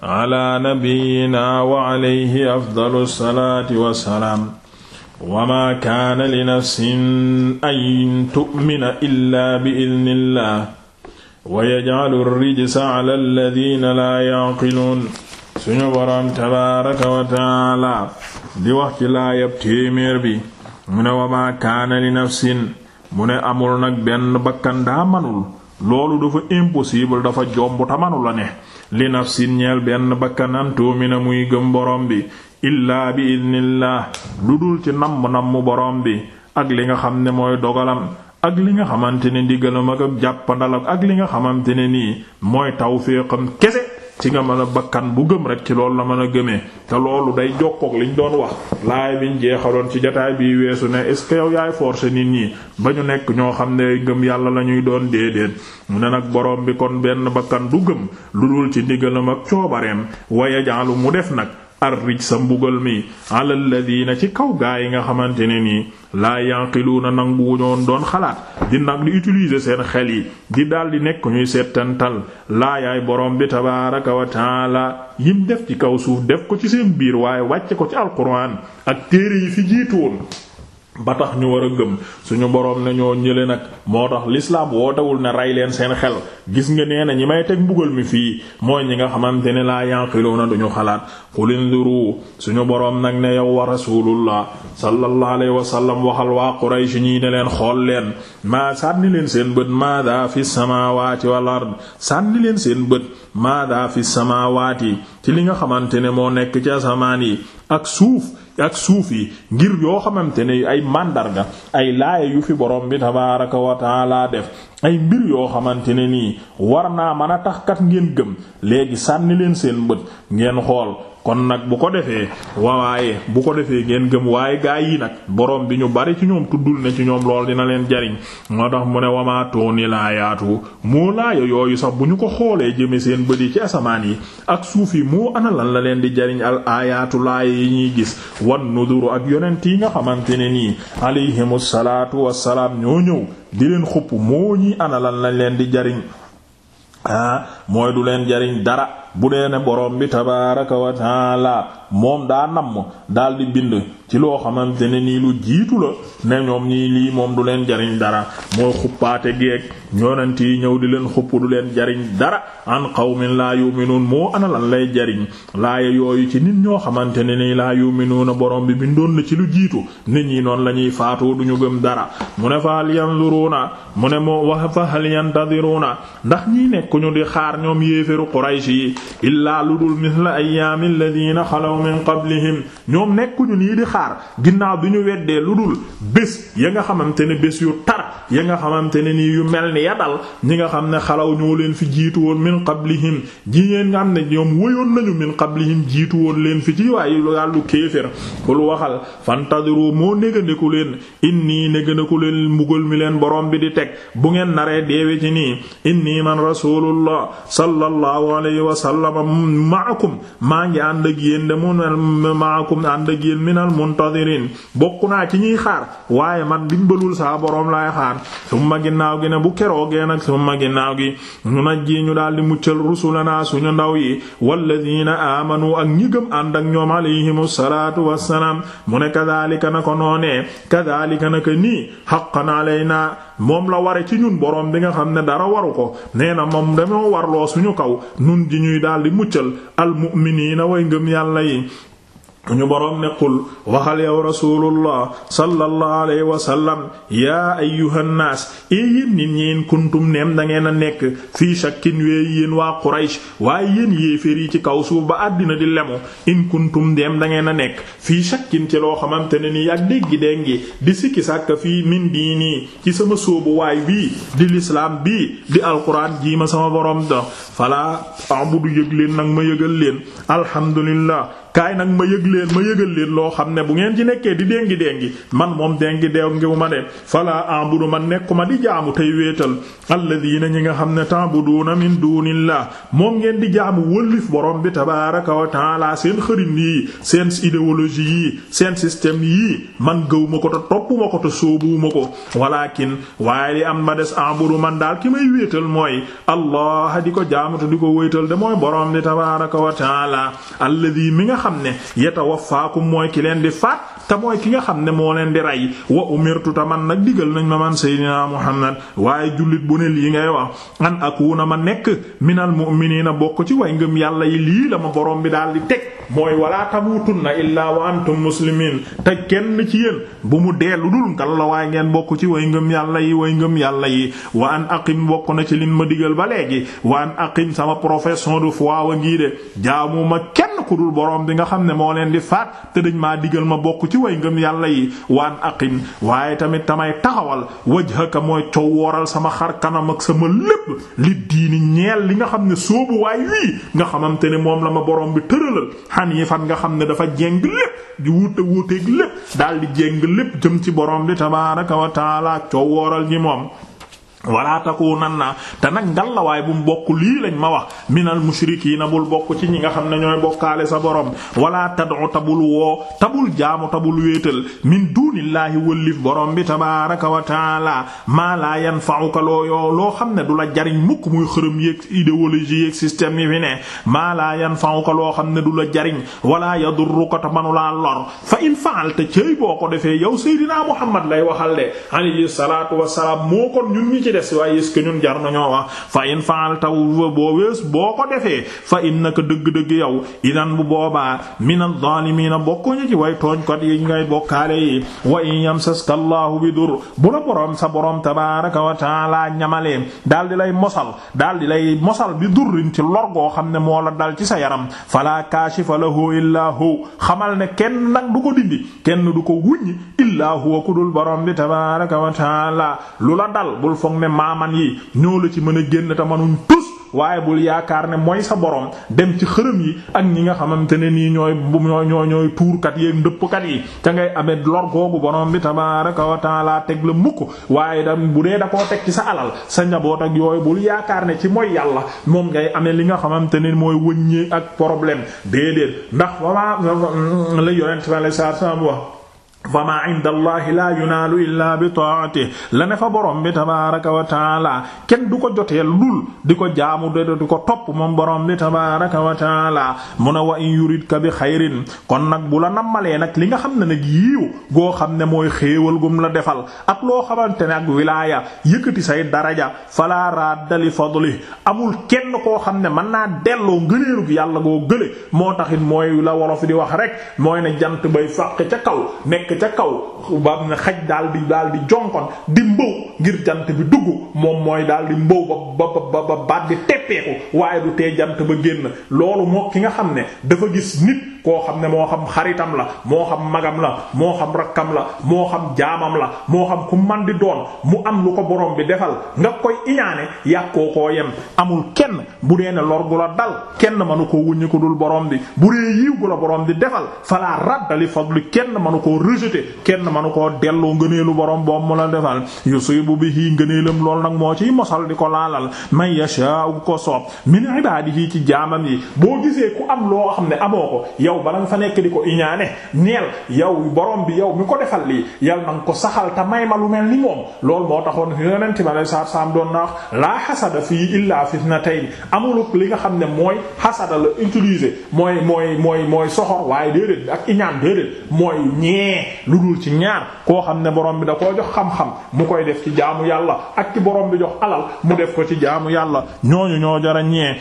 ala nabiyyina wa alayhi afdalu salaati wa salaam wa maa kaana li nafsin an tu'mina illaa bi idnillaah wa yaj'alu ar-rijsa ala alladhiina laa ya'qiluun suñu boroom tabaaraka wa taala di wax ci laayab téeméer bi mu ne wa maa kaana li nafsin mu ne amul nag benn bakkan daa manul loolu dafa impossible dafa jomb ta manu la ne li nafsin ñeel benn bakkan mi na muy gëm borom bi illaa bi idnillah lu dul ci namm-namm borom bi ak li nga xam ne mooy dogalam ak li nga xamante ne ndigalam ak jàppandal ak li nga xamante ne nii mooy tawfiqam kese ci nga mën a bakkan bu gëm rek ci loolu la mën a gëmee te loolu day jokkook liñ doon wax laay biñ jeexaloon ci jataay bi weesu ne est ce que yow yaay forcer nit ñi ba ñu nekk ñoo xam ne gëm yàlla la ñuy doon déedéet mu ne nag boroom bi kon benn bakkan bu gëm lu dul ci ndigalam ak coobareem waye jaalu mu def nag arrij sa mbugal mi ala alladina ci kaw gaa yi nga xamante ne nii laa yanqiluuna nanguwuñoon doon xalaat di nag di utilise seen xel yi di daal di nekk ñuy laa yaay borom bi tabaaraka wa taala yim def ci kaw suuf def ko ci seen biir waaye wàcce ko ci alquran ak téere yi fi jiituwoon ba tax ñu war a gëm suñu boroom ne ñoo ñële nag moo tax lislaam wootewul ne rey leen seen xel gis nga nee na ñi may teg mbugal mi fii mooy ñi nga xamante ne laa na duñu xalaat qul inzuru suñu boroom nag ne yow wa rasulullah sallallahu alayhi wa sallam waxal waa quraysh ñii ne leen xool leen maa sànni leen seen bët maada fi samawati wal ard sànni leen seen bët maada fi samawati ci li nga xamante ne moo nekk ci asamaan yi ak suuf ak suuf yi ngir yoo xamante ne ay màndarga ay laaya yu fi borom bi tabaaraka wa def ay mbir yoo xamante ne nii war naa mën a tax kat ngeen gëm léegi sànni leen seen bët ngeen xool kon nag bu ko defee waaye bu ko defee ngeen gëm waaye gaa yi nag borom bi ñu bari ci ñoom tuddul ne ci ñoom lool dina leen jariñ moo tax mu ne wamaatooni laayaatu moo laaya yooyu sax bu ñu ko xoolee jëme seen bët yi ci asamaan yi ak suuf yi moo ana lan la leen di jariñ al laaya yi ñuy gis wan nuduru ak yonent yi nga xamante ne nii alayhimu salaatu wassalaam ñoo ñëw di leen xupp moo ñi ana lan lañ leen di jariñ ah mooy du leen jariñ dara bu dee ne borom bi tabaaraka wa taala moom daa namm daldi bind ci loo xamante ne nii lu jiitu la ne ñoom ñii lii moom du leen jariñ dara mooy xuppaate geeg ñoonante yi ñëw di leen xupp du leen jariñ dara an qawmin laa yu'minuun moo ana lan lay jariñ laaya yooyu ci nit ñoo xamante ne nii laa yu'minuuna borom bi bindoon la ci lu jiitu nit ñi noonu lañuy ñuy faatoo du gëm dara mu ne fa hal yanzuruuna mu ndax ñi nekk di xaar bàkkaar ñoom yéeféru quraysh yi illaa lu dul misla ayyaami alladina xalaw min qablihim ñoom nekkuñu nii di xaar ginnaaw bi ñu weddee lu dul bés ya nga xamante ne bés yu tar ya nga xamante ne nii yu mel ni ya dal ñi nga xam ne xalaw ñoo leen fi jiitu woon min qablihim ji ngeen nga xam ne ñoom wëyoon nañu min qablihim jiitu woon leen fi ci waaye yàllu kéefér kul waxal fantadiru moo négandiku leen inni négandiku leen mbugal mi leen borom bi di teg bu ngeen naree deewe ci nii inni man rasulullah sallallahu alayhi wa sallam maakum maa ngi ànd ak yéen de munal maakum ànd ak yéen minal muntadirin bokk naa ci ñuy xaar waaye man dimbalul saa boroom laay xaar summa ginnaaw gi ne bu keroogee nag summa ginnaaw gi ñu naj ñu daal di muccal rusulanaa suñu ndaw yi walladina aamanu ak ñi gëm ànd ak ñoom alayhim salaatu wassalaam mu ne kadhalika na ko noonee kadhalika na ko nii haqqan alaynaa moom la ware ci ñun borom bi nga xam ne dara waru ko nee na moom dañoo warloo suñu kaw nun ji ñuy daldi muccal al na way ngëm yàlla yi ñu boroom nekkul qul waxal yow rasulullah sallallahu alayhi wa sallam yaa ayyuhan naas yéen nit ñeen kuntum neem da ngeen a nekk fii shakkin weeyi yéen waa Quraysh waaye yéen yéefér yi ci kaw suuf ba àddina di lemu in kuntum neem da ngeen a nekk fii shakkin ci loo xamante ne nii ak déggi déngi di sikki sàkk fii min nii ci sama sóobu waay bii di lislaam bii di alquran jii ma sama boroom dox falaa du yëg leen nag ma yëgal leen alhamdulillah kaay nag ma yëg leen ma yëgal leen loo xam ne bu ngeen ci nekkee di déngi déngi man moom déngi deew ngi ma de fala ambudu ma nekkuma di jaamu tey wéetal alladina ñi nga xam ne ta'buduna min dunillah moom ngeen di jaamu wëllif borom bi tabaraka wa taala seen xërin yii seen idéologie yii seen système yii man gëwuma ko te toppuma ko te sóobuuma ko walakin waaye li am ma des ambudu man daal ki may wéetal mooy allah di ko jaamu te di ko wéetal de mooy borom bi tabaraka wa taala xam ne yatawaffaakum mooy ki leen ne moo leen di rey wa umirtu ta ma man seydinaa muhammad waaye jullit bu ne lii ngay wax an akuna ma nekk minal mu'miniina bokk ci way ngëm yàlla yi lii la ma borom bi daal di teg mooy walaa tamuutunna illaa wa antum muslimiin te kenn ci yéen bu mu dee lu dul ngal la waaye ngeen bokk ci way ngëm yàlla yi way ngëm yàlla yi wa an aqim bokk na ci lin ma digal ba léegi wa an aqim sama profession de foi wa ngii de jaamu ma kenn ku dul borom bi nga xam ne moo leen di faat te dañ maa digal ma bokk ci way ngëm yàlla yi waan aqim waaye tamit tamay taxawal wajhaka mooy coow wooral sama xar kanam ak sama lépp li diini ñeel li nga xam ne soobu waay wii nga xamante ne moom la ma borom bi tëralal fan nga xam ne dafa jéng lépp di wuute wuuteeg lépp daal di jéng lépp jëm ci borom bi tabaaraka wa taala coow wooral ñi moom wala takunanna te nag ngallawaay bu mu bokk lii lañ ma wax minal mushrikiina bul bokk ci ñi nga xam ne ñooy bokkaale sa borom wala tad'u tabul woo tabul jaamu tabul wéetal min duunillaahi wëllif borom bi tabaaraka wa taala maa laa yanfa'uka loo loo xam ne du la jariñ mukk muy xërëm yéeg idéologie yéeg système yi fi ne maa laa yanfa'uka loo xam ne du la jariñ wala yadurruka te manulaa lor fa in fa'alta cëy boo ko defee yow seydinaa muhammad lay waxal des waaye est-ce que ñun jar nañoo wax fa in faal taw boo wees boo ko defee fa in naka dëgg-dëgg yow idan bu boobaa mina zaalimiina bokkuñu ci way tooñkat yi ngay bokkaale yi wa in yamsaska allahu bi dur bu la boroom sa boroom tabaaraka wa taala ñamalee daal di lay mosal daal di lay mosal bi durrin ci lor goo xam ne moo la dal ci sa yaram fala kaashifa lahu illaa hu xamal ne kenn nag du ko dindi kenn du ko wuññi illaa huwa ku dul boroom bi tabaaraka foog ne maaman yi ñoo la ci mën a génn te manuñ tus waaye bul yaakaar ne mooy sa borom dem ci xërëm yi ak ñi nga xamante ne nii ñooy ñooy ñooy ñooy tuurkat yeeg ndëppkat yi ca ngay amee lor googu borom bi tabaaraka wa laa teg la mukk waaye dam bu dee da koo teg ci sa alal sa njaboot ak yooyu bul yaakaar ne ci mooy yàlla moom ngay amee li nga xamante ne mooy wëññee ak problème déedéet ndax wama la yonent sallallahu alayhi wasallam wax fa ma inda allahi la yunaalu illaa bi taati la ne fa borom bi tabaraka wa kenn du ko jotee lul di ko jaamu de di ko topp moom borom bi tabaraka wa taala mu ne bi xayrin kon nag bu la nammalee nag li nga xam ne nag yiiw goo xam ne mooy xéewal gum la defal ak loo xamante ne ak wilaaya yëkkati say daraja fala radda li fadli amul kenn koo xam ne mën naa delloo ngëneelug yàlla goo gële moo taxit mooy la wolof di wax rek mooy ne jant bay fàq ca kaw nekk ca kaw bam na xaj daal di daal di jonkon di mbaw ngir jant bi dugg moom mooy daal di mbaw ba ba ba baat di teppeeku waaye du tee jant ba génn loolu moo ki nga xam ne dafa gis nit koo xam ne moo xam xaritam la moo xam magam la moo xam rakkam la moo xam jaamam la moo xam ku man di doon mu am lu ko borom bi defal nga koy iñaane yàqoo ko yem amul kenn bu dee ne lor gu la dal kenn manu koo wuññi ko dul borom bi bu dee yiw gu la borom bi defal fala raddali fadli kenn manu koo rejeter kenn manu koo delloo ngëneelu borom boobu mu la defal yusibu bihi ngëneelam lool nag moo ciy mosal di ko laalal man yasha ko soob min ibadihi ci jaamam yi boo gisee ku am loo xam ne amoo yow bala nga fa nekk di ko iñaane neel yow borom bi yow mi ko defal lii yal na nga ko saxal te may ma lu mel ni moom loolu moo taxoon yonent bi alayhi salaatu salaam doon na wax laa xasada fii illaa fitnatayn amul li nga xam ne mooy xasada la utiliser mooy mooy mooy mooy soxor waaye déedéet ak iñaan déedéet mooy ñee lu dul ci ñaar koo xam ne borom bi da koo jox xam-xam mu koy def ci jaamu yàlla ak ci borom bi jox alal mu def ko ci jaamu yàlla ñooñu ñoo jara ñee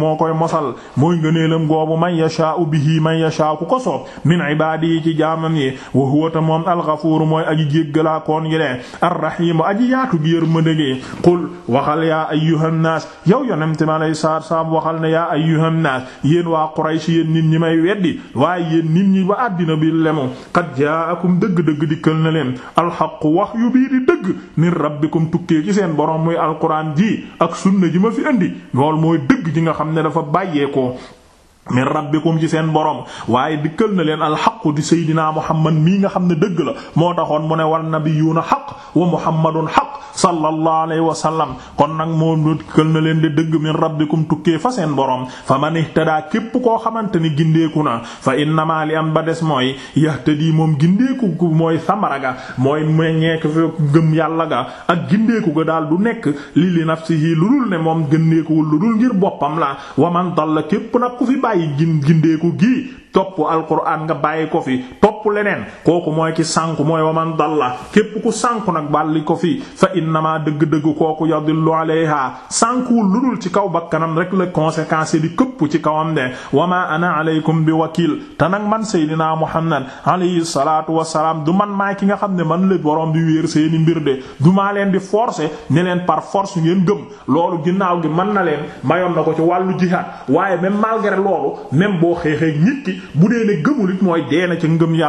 moo koy mosal mooy ngëneelam goobu man yashaa'u bihi man yashaa'u ku ko soob min ibaadihi ci jaamam yi wa huwa ta moom alxafuuru mooy aji jéggalaa koon yi de arrahiimu aji yaatu gi yërmande gi qul waxal yow yonente mi alayhi salaatu salaam waxal ne yaa ayyuhan naas yéen waa waaye nit ñi ba àddina bi lemu qad jaa'akum dëgg-dëgg dikkal na leen wax yu bii di dëgg min rabbikum tukkee ci ak sunna ji ma fi indi lool mooy dëgg ji nga xam xam ne dafa bàyyeekoo min rabbikum ci seen borom waaye dikkal na leen alxaqu di seydinaa muhammad mii nga xam ne dëgg la moo taxoon mu ne wal nabiyuuna xaq wa muhammadun xaq sallallahu alayhi wa sallam kon nag moo dikkal na leen di dëgg min rabbikum tukkee fa seen boroom fa man ihtadaa képp koo xamante ni gindeeku na fa innamaa li am ba des mooy yahtadi moom gindeeku mooy samara ga mooy meññeek fi gëm yàlla ga ak gindeeku ga daal du nekk li li nafsihi lu dul ne moom gindeekuwul lu dul ngir boppam la ay gin gindeeku gii topp alquran nga bàyyi ko fi topp leneen kooku mooy ki sànku mooy waman dalla képp ku sànku nag bàlli ko fi fa innama dëgg-dëgg kooku yadillu alayha sànkuwul lu dul ci kaw ba kanam rek la conséquence di këpp ci kawam de wama ana aleykum bi wakil te nag man seydinaa muhammad alayhi salaatu wasalaam du man maay ki nga xam ne man la borom bi wéer seeni mbir de du maa leen di forcer ne leen par yu ngeen gëm loolu ginnaaw gi mën na leen mayoon na ko ci wàllu jihaad waaye même boo xeexee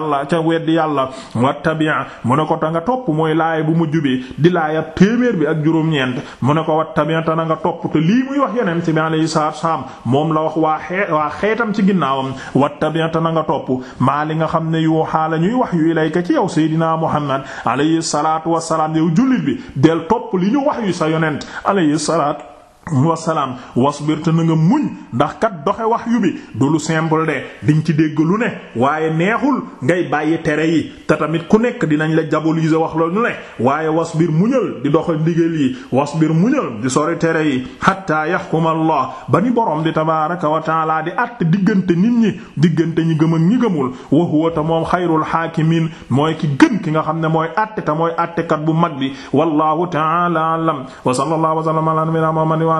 yàlla ca weddi yàlla wattabi'a mu ne ko ta nga topp mooy laay bu mujj bi di laayab téeméer bi ak juróom-ñeent mu ne ko wattabi'a na nga topp te lii muy wax yeneen ci bi alayhi salaam moom la wax waa xee waa xeetam ci ginnaawam wattabi'a na nga topp maa li nga xam ne yoo xaala ñuy wax yu ilayka ci yow Seydina Muhammad alayhi salaatu wassalaam yow jullit bi del topp li ñu wax yu sa yonent alayhi salaatu wasalaam wasbir te na nga muñ ndax kat doxe wax yu bi du lu simple de diñ ci dégg lu ne waaye neexul ngay bàyyi tere yi te tamit ku nekk dinañ la diaboliser wax la lu ne waaye wasbir muñal di doxal ndigal yi wasbir muñal di sori tere yi hatta yahkuma allah ba ni borom di tabaaraka wa taala di àtt diggante nit ñi diggante ñi gëm ak ñi gëmul wa huwa te moom xayrul haakimiin mooy ki gën ki nga xam ne mooy àtte te mooy kat bu mag bi wallahu taala alam wa sallallahu wa sallama ala nabiyyina